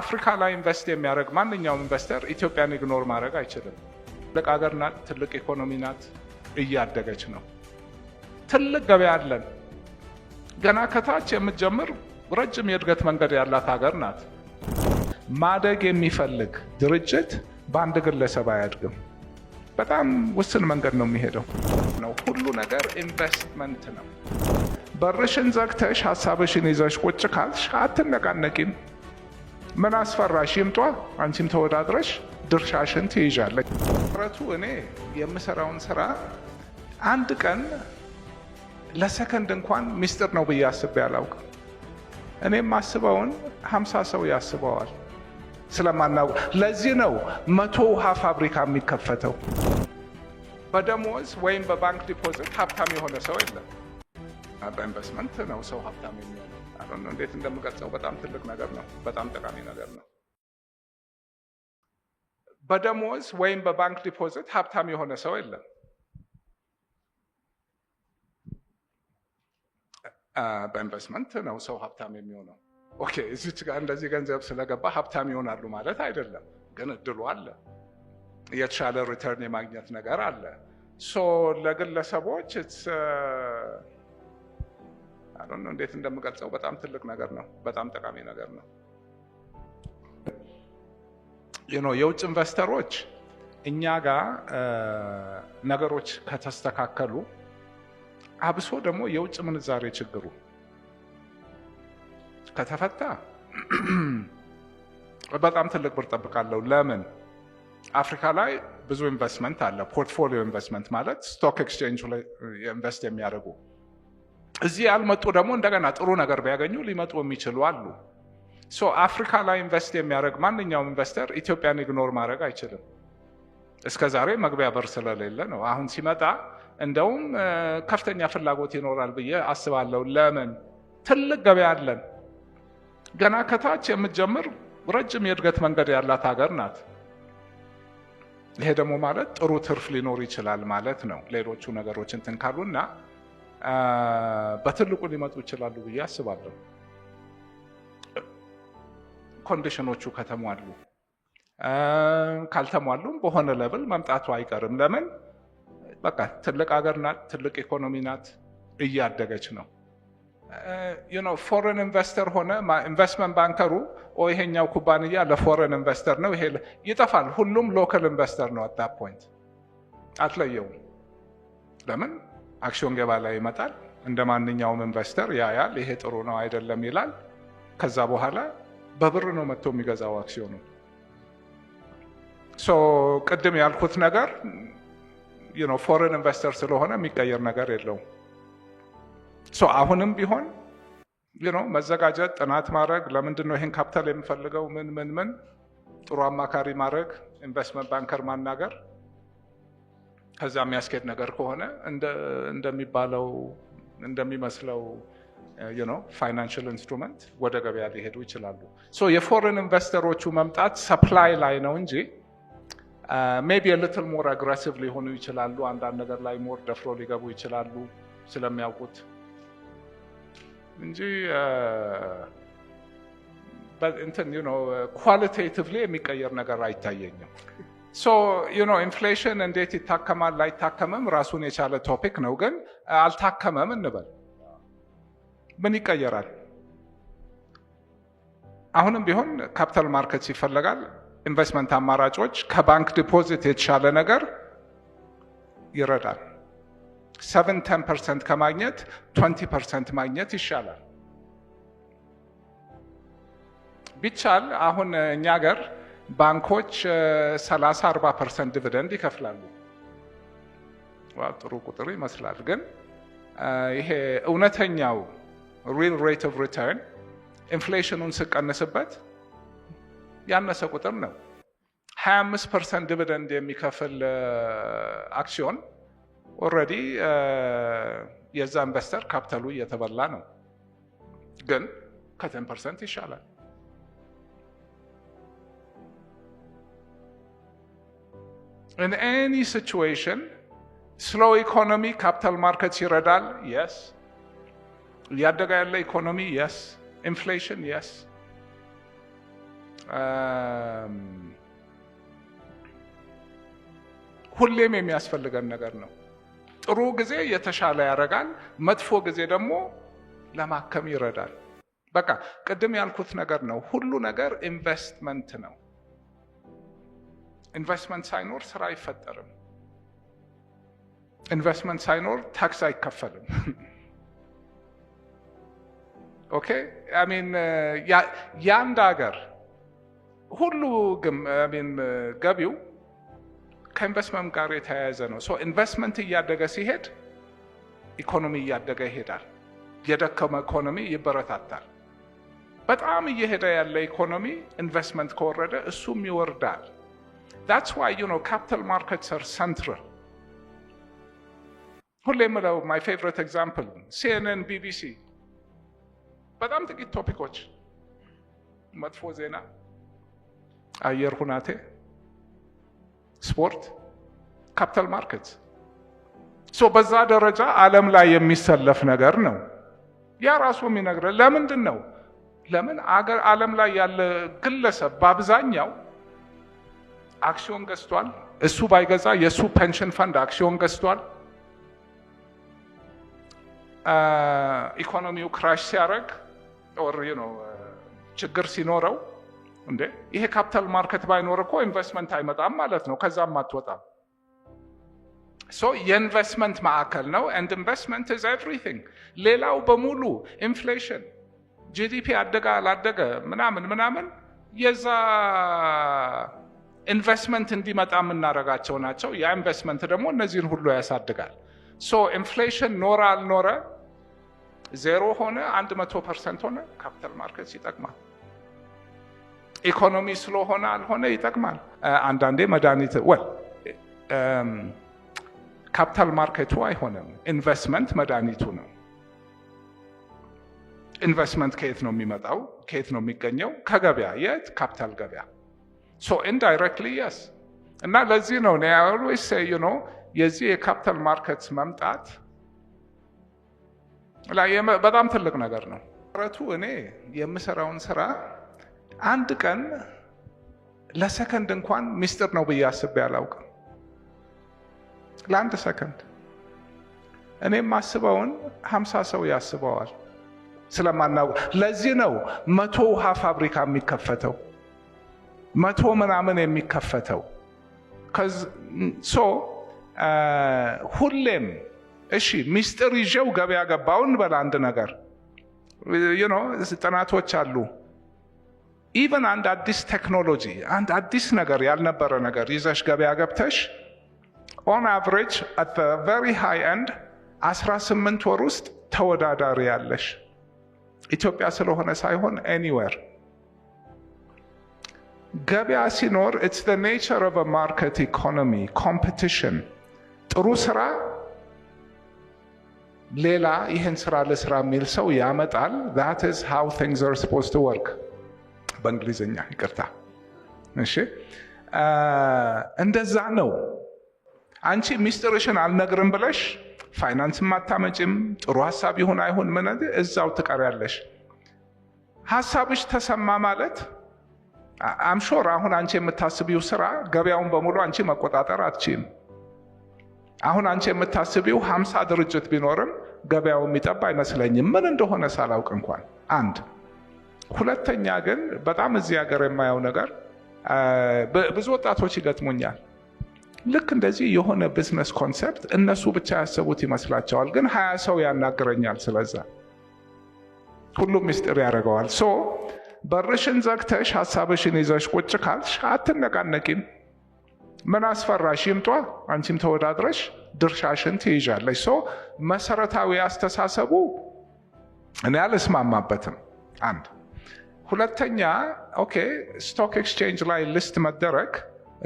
አፍሪካ ላይ ኢንቨስት የሚያደርግ ማንኛውም ኢንቨስተር ኢትዮጵያን ኢግኖር ማድረግ አይችልም። ትልቅ ሀገር ናት፣ ትልቅ ኢኮኖሚ ናት፣ እያደገች ነው። ትልቅ ገበያ አለን። ገና ከታች የምትጀምር ረጅም የእድገት መንገድ ያላት ሀገር ናት። ማደግ የሚፈልግ ድርጅት በአንድ ግለሰብ አያድግም። በጣም ውስን መንገድ ነው የሚሄደው። ነው ሁሉ ነገር ኢንቨስትመንት ነው። በርሽን ዘግተሽ ሀሳብሽን ይዘሽ ቁጭ ካልሽ አትነቃነቂም። ምን አስፈራሽ? ይምጧ አንቺም ተወዳድረሽ ድርሻሽን ትይዣለች። ጥረቱ እኔ የምሰራውን ስራ አንድ ቀን ለሰከንድ እንኳን ሚስጥር ነው ብዬ አስቤ አላውቅም። እኔ የማስበውን ሀምሳ ሰው ያስበዋል ስለማናውቅ። ለዚህ ነው መቶ ውሃ ፋብሪካ የሚከፈተው። በደሞዝ ወይም በባንክ ዲፖዚት ሀብታም የሆነ ሰው የለም። በኢንቨስትመንት ነው ሰው ሀብታም የሚሆነ እንዴት እንደምገልጸው በጣም ትልቅ ነገር ነው። በጣም ጠቃሚ ነገር ነው። በደሞዝ ወይም በባንክ ዲፖዚት ሀብታም የሆነ ሰው የለም። በኢንቨስትመንት ነው ሰው ሀብታም የሚሆነው። ኦኬ እዚች ጋር እንደዚህ ገንዘብ ስለገባ ሀብታም ይሆናሉ ማለት አይደለም፣ ግን እድሉ አለ። የተሻለ ሪተርን የማግኘት ነገር አለ። ሶ ለግለሰቦች አሁን እንዴት እንደምገልጸው በጣም ትልቅ ነገር ነው። በጣም ጠቃሚ ነገር ነው። የውጭ ኢንቨስተሮች እኛ ጋር ነገሮች ከተስተካከሉ አብሶ ደግሞ የውጭ ምንዛሬ ችግሩ ከተፈታ በጣም ትልቅ ብር ጠብቃለሁ። ለምን አፍሪካ ላይ ብዙ ኢንቨስትመንት አለ። ፖርትፎሊዮ ኢንቨስትመንት ማለት ስቶክ ኤክስቼንጅ ላይ ኢንቨስት የሚያደርጉ እዚህ ያልመጡ ደግሞ እንደገና ጥሩ ነገር ቢያገኙ ሊመጡ የሚችሉ አሉ። ሶ አፍሪካ ላይ ኢንቨስት የሚያደርግ ማንኛውም ኢንቨስተር ኢትዮጵያን ኢግኖር ማድረግ አይችልም። እስከ ዛሬ መግቢያ በር ስለሌለ ነው። አሁን ሲመጣ እንደውም ከፍተኛ ፍላጎት ይኖራል ብዬ አስባለሁ። ለምን ትልቅ ገበያ አለን። ገና ከታች የምትጀምር ረጅም የእድገት መንገድ ያላት ሀገር ናት። ይሄ ደግሞ ማለት ጥሩ ትርፍ ሊኖር ይችላል ማለት ነው። ሌሎቹ ነገሮች እንትን ካሉና በትልቁ ሊመጡ ይችላሉ ብዬ አስባለሁ። ኮንዲሽኖቹ ከተሟሉ ካልተሟሉም በሆነ ለብል መምጣቱ አይቀርም። ለምን በቃ ትልቅ ሀገር ናት፣ ትልቅ ኢኮኖሚ ናት፣ እያደገች ነው። ፎሬን ኢንቨስተር ሆነ ኢንቨስትመንት ባንከሩ ይሄኛው ኩባንያ ለፎሬን ኢንቨስተር ነው ይሄ ይጠፋል። ሁሉም ሎካል ኢንቨስተር ነው። አታ ፖይንት አትለየውም። ለምን አክሲዮን ገበያ ላይ ይመጣል። እንደ ማንኛውም ኢንቨስተር ያያል፣ ይሄ ጥሩ ነው አይደለም ይላል። ከዛ በኋላ በብር ነው መጥቶ የሚገዛው አክሲዮኑ። ሶ ቅድም ያልኩት ነገር ፎሬን ኢንቨስተር ስለሆነ የሚቀየር ነገር የለውም። ሶ አሁንም ቢሆን መዘጋጀት፣ ጥናት ማድረግ፣ ለምንድን ነው ይህን ካፒታል የምፈልገው፣ ምን ምን ምን ጥሩ አማካሪ ማድረግ፣ ኢንቨስትመንት ባንከር ማናገር ከዛ የሚያስኬድ ነገር ከሆነ እንደሚባለው እንደሚመስለው ፋይናንሽል ኢንስትሩመንት ወደ ገበያ ሊሄዱ ይችላሉ። የፎሬን ኢንቨስተሮቹ መምጣት ሰፕላይ ላይ ነው እንጂ ሜቢ ልትል ሞር አግሬሲቭ ሊሆኑ ይችላሉ። አንዳንድ ነገር ላይ ሞር ደፍሮ ሊገቡ ይችላሉ ስለሚያውቁት እንጂ uh, እንትን ኳሊቴቲቭሊ የሚቀየር ነገር አይታየኝም። ኖ ኢንፍሌሽን እንዴት ይታከማል አይታከምም ራሱን የቻለ ቶፒክ ነው። ግን አልታከመም እንበል ምን ይቀየራል? አሁንም ቢሆን ካፒታል ማርኬት ይፈለጋል። ኢንቨስትመንት አማራጮች ከባንክ ዲፖዚት የተሻለ ነገር ይረዳል። ሰቨን ተን ፐርሰንት ከማግኘት ትወንቲ ፐርሰንት ማግኘት ይሻላል። ቢቻል አሁን እኛ ሀገር ባንኮች 30 40 ፐርሰንት ዲቪደንድ ይከፍላሉ። ጥሩ ቁጥር ይመስላል፣ ግን ይሄ እውነተኛው ሪል ሬት ኦፍ ሪተርን ኢንፍሌሽኑን ስቀንስበት ያነሰ ቁጥር ነው። 25 ፐርሰንት ዲቪደንድ የሚከፍል አክሲዮን ኦልሬዲ የዛ ኢንቨስተር ካፒታሉ እየተበላ ነው፣ ግን ከ10 ፐርሰንት ይሻላል። in any situation ስሎው ኢኮኖሚ ካፒታል ማርኬትስ ይረዳል። የስ እያደገ ያለ ኢኮኖሚ የስ ኢንፍሌሽን የስ ሁሌም የሚያስፈልገን ነገር ነው። ጥሩ ጊዜ የተሻለ ያደርጋል፣ መጥፎ ጊዜ ደግሞ ለማከም ይረዳል። በቃ ቅድም ያልኩት ነገር ነው። ሁሉ ነገር ኢንቨስትመንት ነው። ኢንቨስትመንት ሳይኖር ስራ አይፈጠርም። ኢንቨስትመንት ሳይኖር ታክስ አይከፈልም። ኦኬ አሜን። የአንድ ሀገር ሁሉ ገቢው ከኢንቨስትመንት ጋር የተያያዘ ነው። ሶ ኢንቨስትመንት እያደገ ሲሄድ ኢኮኖሚ እያደገ ይሄዳል። የደከመ ኢኮኖሚ ይበረታታል። በጣም እየሄደ ያለ ኢኮኖሚ ኢንቨስትመንት ከወረደ እሱም ይወርዳል። That's why, you know, capital markets are central. ሁሌ የምለው ማይ ፌቨሪት ኤግዛምፕል ሲኤንኤን፣ ቢቢሲ በጣም ጥቂት ቶፒኮች፣ መጥፎ ዜና፣ አየር ሁናቴ፣ ስፖርት፣ ካፒታል ማርኬት ሶ በዛ ደረጃ ዓለም ላይ የሚሰለፍ ነገር ነው። ያ ራሱ የሚነግረን ለምንድን ነው? ለምን አገር ዓለም ላይ ያለ ግለሰብ በአብዛኛው አክሲዮን ገዝቷል። እሱ ባይገዛ የእሱ ፔንሽን ፈንድ አክሲዮን ገዝቷል። ኢኮኖሚው ክራሽ ሲያደርግ ኦር ችግር ሲኖረው እንዴ ይሄ ካፒታል ማርኬት ባይኖር እኮ ኢንቨስትመንት አይመጣም ማለት ነው። ከዛም አትወጣም። ሶ የኢንቨስትመንት ማዕከል ነው። ኤንድ ኢንቨስትመንት ኢዝ ኤቭሪቲንግ። ሌላው በሙሉ ኢንፍሌሽን፣ ጂዲፒ አደገ አላደገ ምናምን ምናምን የዛ ኢንቨስትመንት እንዲመጣ የምናደርጋቸው ናቸው። ያ ኢንቨስትመንት ደግሞ እነዚህን ሁሉ ያሳድጋል። ሶ ኢንፍሌሽን ኖረ አልኖረ ዜሮ ሆነ አንድ መቶ ፐርሰንት ሆነ ካፒታል ማርኬትስ ይጠቅማል። ኢኮኖሚ ስለሆነ አልሆነ ይጠቅማል። አንዳንዴ መድኃኒት ወል ካፒታል ማርኬቱ አይሆንም፣ ኢንቨስትመንት መድኃኒቱ ነው። ኢንቨስትመንት ከየት ነው የሚመጣው? ከየት ነው የሚገኘው? ከገበያ። የት? ካፒታል ገበያ ሶ indirectly, yes. እና ለዚህ ነው እኔ always say you የዚህ የካፒታል ማርኬት መምጣት በጣም ትልቅ ነገር ነው። ረቱ እኔ የምሰራውን ስራ አንድ ቀን ለሰከንድ እንኳን ሚስጥር ነው ብዬ አስቤ አላውቅም። ለአንድ ሰከንድ እኔ የማስበውን ሀምሳ ሰው ያስበዋል ስለማናውቅ። ለዚህ ነው መቶ ውሃ ፋብሪካ የሚከፈተው። መቶ ምናምን የሚከፈተው ሶ uh, ሁሌም እሺ ሚስጥር ይዤው ገበያ ገባውን በል አንድ ነገር ጥናቶች አሉ። ኢቨን አንድ አዲስ ቴክኖሎጂ አንድ አዲስ ነገር ያልነበረ ነገር ይዘሽ ገበያ ገብተሽ ኦን አቨሬጅ አት ቨሪ ሃይ ኤንድ 18 ወር ውስጥ ተወዳዳሪ ያለሽ ኢትዮጵያ ስለሆነ ሳይሆን ኤኒዌር ገበያ ሲኖር ኢትስ ዘ ኔቸር ኦፍ ማርኬት ኢኮኖሚ ኮምፒቲሽን። ጥሩ ስራ ሌላ ይህን ስራ ለስራ የሚል ሰው ያመጣል። ዛት ኢዝ ሃው ቲንግስ አር ስፖስ ቱ ወርክ በእንግሊዝኛ ይቅርታ። እሺ እንደዛ ነው። አንቺ ሚስጥርሽን አልነግርም ብለሽ ፋይናንስም አታመጭም። ጥሩ ሀሳብ ይሁን አይሁን ምን እዛው ትቀሪያለሽ። ሀሳብሽ ተሰማ ማለት አምሾር አሁን አንቺ የምታስቢው ስራ ገበያውን በሙሉ አንቺ መቆጣጠር አትችም። አሁን አንቺ የምታስቢው ሀምሳ ድርጅት ቢኖርም ገበያው የሚጠባ አይመስለኝም፣ ምን እንደሆነ ሳላውቅ እንኳን አንድ። ሁለተኛ ግን በጣም እዚህ ሀገር የማየው ነገር ብዙ ወጣቶች ይገጥሙኛል። ልክ እንደዚህ የሆነ ቢዝነስ ኮንሰፕት እነሱ ብቻ ያሰቡት ይመስላቸዋል፣ ግን ሀያ ሰው ያናግረኛል። ስለዛ ሁሉም ምስጢር ያደርገዋል ሶ በርሽን ዘግተሽ ሀሳብሽን ይዘሽ ቁጭ ካልሽ አትነቃነቂም። ምን አስፈራሽ? ይምጧ። አንቺም ተወዳድረሽ ድርሻሽን ትይዣለሽ። ሶ መሰረታዊ አስተሳሰቡ እኔ አልስማማበትም። አንድ ሁለተኛ፣ ኦኬ ስቶክ ኤክስቼንጅ ላይ ሊስት መደረግ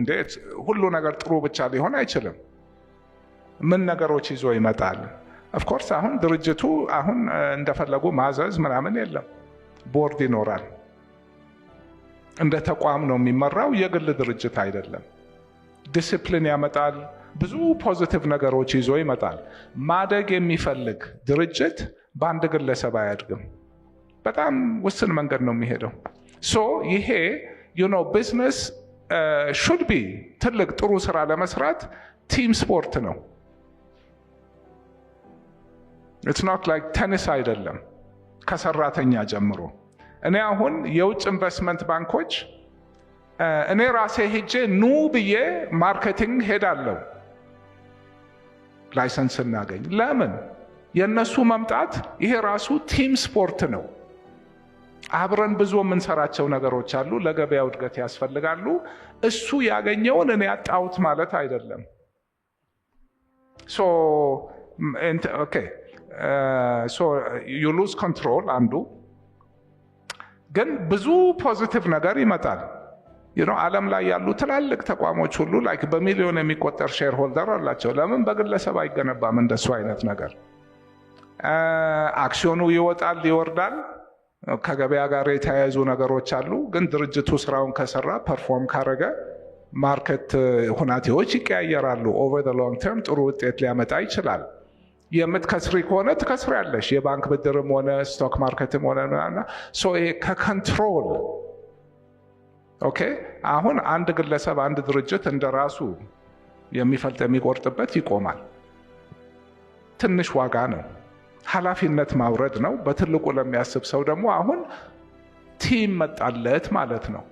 እንዴት ሁሉ ነገር ጥሩ ብቻ ሊሆን አይችልም። ምን ነገሮች ይዞ ይመጣል? ኦፍኮርስ አሁን ድርጅቱ አሁን እንደፈለጉ ማዘዝ ምናምን የለም። ቦርድ ይኖራል። እንደ ተቋም ነው የሚመራው፣ የግል ድርጅት አይደለም። ዲስፕሊን ያመጣል፣ ብዙ ፖዚቲቭ ነገሮች ይዞ ይመጣል። ማደግ የሚፈልግ ድርጅት በአንድ ግለሰብ አያድግም። በጣም ውስን መንገድ ነው የሚሄደው። ሶ ይሄ ዩኖ ቢዝነስ ሹድ ቢ ትልቅ ጥሩ ስራ ለመስራት ቲም ስፖርት ነው። ኢትስ ኖት ላይክ ቴኒስ አይደለም ከሰራተኛ ጀምሮ እኔ አሁን የውጭ ኢንቨስትመንት ባንኮች እኔ ራሴ ሄጄ ኑ ብዬ ማርኬቲንግ ሄዳለሁ ላይሰንስ እናገኝ። ለምን የእነሱ መምጣት ይሄ ራሱ ቲም ስፖርት ነው። አብረን ብዙ የምንሰራቸው ነገሮች አሉ፣ ለገበያው እድገት ያስፈልጋሉ። እሱ ያገኘውን እኔ ያጣሁት ማለት አይደለም። ዩ ሉዝ ኮንትሮል አንዱ ግን ብዙ ፖዚቲቭ ነገር ይመጣል። ዓለም ላይ ያሉ ትላልቅ ተቋሞች ሁሉ ላይክ በሚሊዮን የሚቆጠር ሼር ሆልደር አላቸው። ለምን በግለሰብ አይገነባም? እንደሱ አይነት ነገር አክሲዮኑ ይወጣል ይወርዳል፣ ከገበያ ጋር የተያያዙ ነገሮች አሉ። ግን ድርጅቱ ስራውን ከሰራ ፐርፎርም ካረገ ማርኬት ሁናቴዎች ይቀያየራሉ። ኦቨር ሎንግ ተርም ጥሩ ውጤት ሊያመጣ ይችላል። የምትከስሪ ከሆነ ትከስሪ ያለሽ የባንክ ብድርም ሆነ ስቶክ ማርኬትም ሆነ ይሄ ከኮንትሮል ኦኬ። አሁን አንድ ግለሰብ አንድ ድርጅት እንደ ራሱ የሚፈልጥ የሚቆርጥበት ይቆማል። ትንሽ ዋጋ ነው፣ ኃላፊነት ማውረድ ነው። በትልቁ ለሚያስብ ሰው ደግሞ አሁን ቲም መጣለት ማለት ነው።